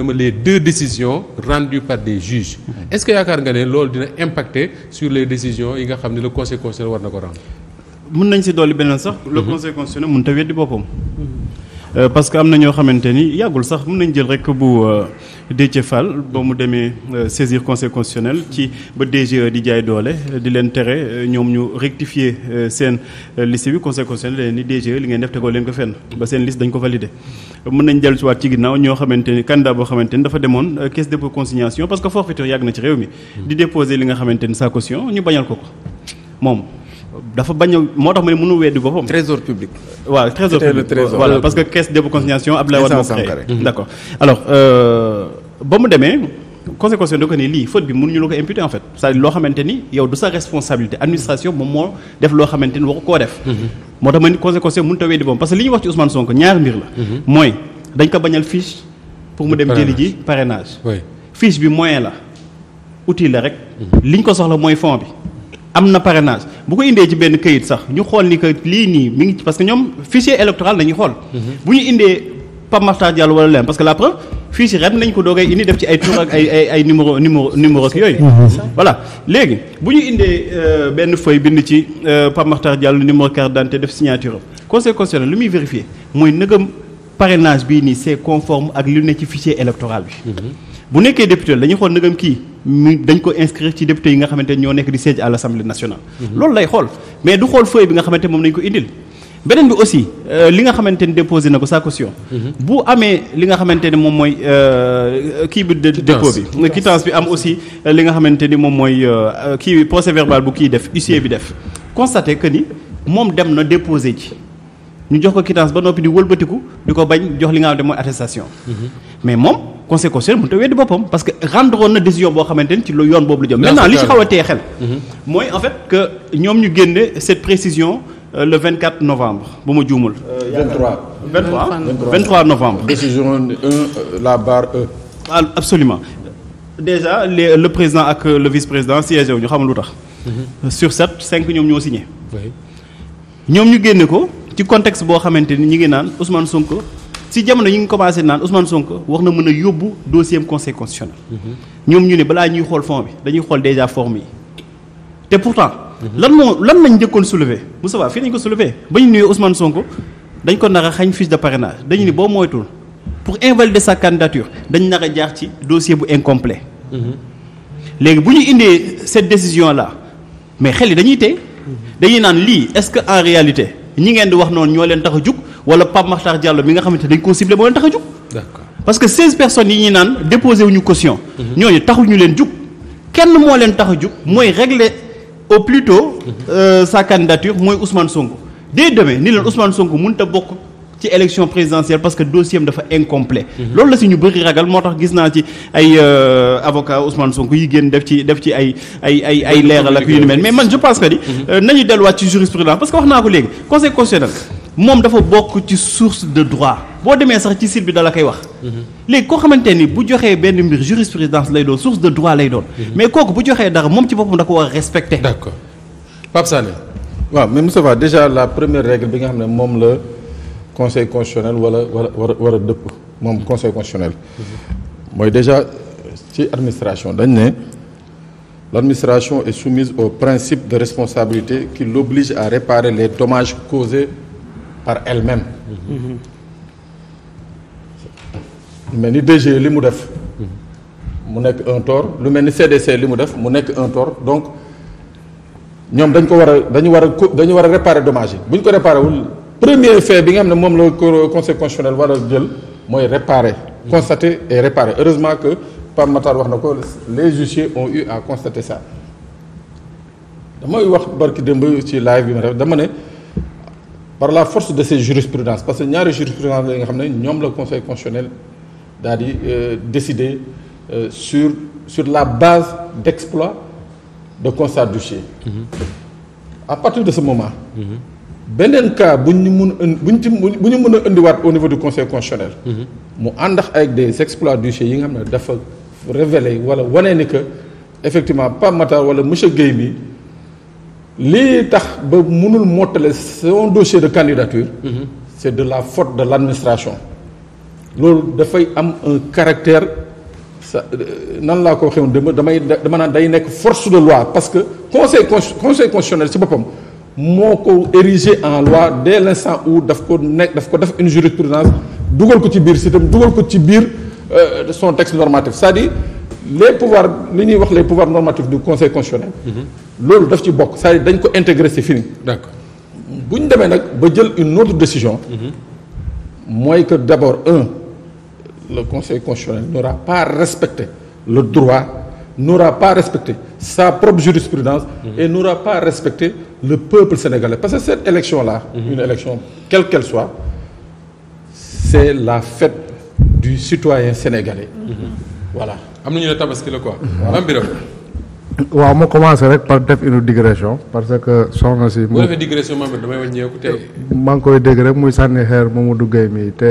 dama les deux décisions rendues par des juges mm-hmm. est-ce yaakaar nga ne loolu dina impacté sur les décisions yi nga xam ne la conseil war na ko rendre. mën nañ si dolli beneen sax. le mm-hmm. conseil constitutionnel mënut a weddi boppam. Mm-hmm. Euh, parce que am na ñoo xamante ni yàggul sax mën nañ jël rek bu euh, Déthié Fall ba mu demee euh, saisir conseil ci ba DGE di jaay doole di leen tere ñoom ñu rectifier seen liste bi conseil constitutionnel leen ni DGE li ngeen def tegoo leen ko fenn ba seen liste dañ ko valider. mën nañ jël ci waat ci ginnaaw ñoo xamante ni candidat boo xamante ni dafa demoon caisse dépôt consignation parce que forfaiture yàgg na ci réew mi. Mm. di déposer li nga xamante ni sa caution ñu bañal ko ko moom. dafa bañ a moo tax mu ne mënu weddi boppam. trésor public. waaw trésor public voilà parce que caisse de consignation Abdoulaye Wade moo créé d'accord alors euh, ba mu demee conséquence da ko ni lii faute bi mënuñu la ko imputer en fait cest à loo xamante ni yow du sa responsabilité administration moom moo def loo xamante ni waru koo def. Mm-hmm. moo tax ma ni conséquence mënut a weddi boppam parce que li ñuy wax ci Ousmane Sonko ñaar mbir la. Mm-hmm. mooy dañ ko bañal fiche. pour mu dem jëli ji parrainage. fiche bi moyen la mm-hmm. mooy fond bi am na parrainage. bu ko indee ci benn kayit sax ñu xool ni que lii nii mi ngi parce que ñoom fichier électoral dañuy xool. Mhm. bu ñu indee Pape Makhtar Diallo wala leneen parce que la preuve fichier ren nañ ko doogee indi def ci ay tur ak ay ay ay numéro numéro numéro ak yooyu. Mhm. voilà léegi bu ñu indee euh, benn fooy bind ci euh, Pape Makhtar Diallo numéro carte d'identité def signature am conseil li lu muy vérifier mooy nëgëm parrainage bii nii c'est conforme ak lu ne ci fichier électoral bi. Mhm. bu nekkee député la dañuy xool ndëgam kii mi dañ ko inscrire ci député yi nga xamante ñoo nekk di siège à l' assemblée nationale. Mhm. loolu lay xool mais du xool feuille bi nga xamante moom nañ ko indil. beneen bi aussi euh, li nga xamante ni déposé na ko sa caution. Mhm. bu amee li nga xamante ni moom mooy euh, kii bi. dépôt bi quittance bi am aussi euh, li nga xamante ni moom mooy kii bi procès bu kii def usier bi def. constaté que ni moom dem na déposé ji. ñu jox ko quittance ba noppi di wëlbatiku di ko bañ jox li nga xam mooy attestation. Mhm. mais moom. conseil constitutionnel mënut weddi boppam parce que rendre woon na décision boo xamante ni ci lu yoon boobu la jëm. maintenant li ci xaw xel. Mhm. mooy en fait que ñoom ñu génne cette précision euh, le 24 novembre bu ma juumul. 23 23 23 novembre. décision 1 la barre E. waaw ah, absolument déjà les le président ak le vice président siégé wu ñu xamul lu tax. Mhm. sur sept cinq ñoom ñoo signé. ñoom ñu génne ko ci contexte boo xamante ni ñu ngi naan Ousmane Sonko. ci jamono yi ngi commencé naan Ousmane sonk wax na mën a yóbbu dossier conseil constitutionnel. ñoom ñu ne balaa ñuy xool fond bi dañuy xool déjà forme yi te pourtant. lan moo lan lañ njëkkoon soulever Moussa Ba fii nañ ko soulever ba ñu nuyoo Ousmane Sonko dañ ko nar xañ fiche de parrainage dañu ni boo moytuwul pour invalider sa candidature dañu nar a jaar ci dossier bu incomplet. léegi bu ñu indee cette décision là mais xel yi dañuy tey. dañuy naan lii est-ce que en réalité ñi ngeen di noonu ñoo leen tax a jug. wala Pape Makhtar Diallo mi nga xamante dañ koo ciblé moo leen tax a jug. parce que 16 personnes yi ñuy naan déposé wuñu caution. Mhm. ñooñu taxul ñu leen jug. kenn moo leen tax a jug mooy régler au plus tôt mhm. euh, sa candidature mooy Ousmane Sonko dès demain ni leen Ousmane Sonko mënut a bokk. ci élection présidentielle parce que dossier am dafa incomplet mhm. loolu la si ñu bëri ragal moo tax gis naa ci ay euh, avocat Ousmane Sonko yi génn def ci def ci ay ay ay ay leeral ak yu ni mel mais man euh, naa ko léegi conseil constitutionnel moom dafa bokk ci source de droit boo demee sax ci site bi dala koy wax. léegi koo xamante ni bu joxee benn mbir jurisprudence lay doon source de droit lay doon. Mhm. mais kooku bu joxee dara moom ci boppam da ko war a respecter. d'accord Pape waaw mais Moussa Fa déjà la première règle bi nga xam ne moom la conseil constitutionnel wala wala war war a dëpp moom conseil constitutionnel. Mhm. mooy déjà ci administration dañ ne. L'administration est soumise au principe de responsabilité qui l'oblige à réparer les dommages causés par elle-même. lu mel ni DG li mu def. mu nekk un tort lu mel ni CDC li mu def mu nekk un tort donc ñoom dañ ko war a dañu war a dañu war a réparer dommage yi bu ñu ko réparer wul premier fait bi nga xam ne moom la conseil constitutionnel war a jël mooy réparer. constater et réparer heureusement que Pape Matar wax na ko les huissiers ont eu à constater ça. damay wax barki démb ci live bi ma def dama ne. par la force de ces jurisprudences parce que ñaari jurisprudence la nga xam ne ñoom la conseil constitutionnel daal di euh, décider euh, sur sur la base d'exploit de constat d'huissier mm à partir de ce moment mm-hmm. beneen cas bu ñu mun bu ñu ci bu ñu mën a indiwaat au niveau du conseil constitutionnel mm-hmm. mu àndax avec des exploits d'huissier yi nga xam ne dafa révélé wala wane ni que effectivement Pape Matar wala monsieur Guèye mi lii tax ba mënul mottale son dossier de candidature. Mhm. c' est de la faute de l' administration. loolu dafay am un caractère sa euh, nan laa ko waxee woon dama damay dama naan day nekk force de loi parce que conseil conseil constitutionnel ci boppam moo ko érigé en loi de l' instant où daf ko nekk daf ko def une jurisprudence dugal ko ci biir système dugal ko ci biir euh, son texte normatif c'est-à-dire les pouvoirs li ñuy wax les pouvoirs normatifs du conseil constitutionnel. Mhm. loolu daf ci bokk cest à dañ ko intégrer c'est fini. d'accord bu ñu demee nag ba jël une autre décision. Mm-hmm. mooy que d'abord un le conseil constitutionnel n'aura pas respecté le droit. n'aura pas respecté sa propre jurisprudence mmh. et n'aura pas respecté le peuple sénégalais parce que cette élection là mmh. une élection quelle qu'elle soit c'est la fête du citoyen sénégalais mmh. voilà am nañu ne tabaski la quoi maam Birame waaw ma commencé rek par def une digression parce que soxna si. bu man damay wàññeeku maa ngi koy dégg rek muy sànni xeer Mamadou Gueye mii te.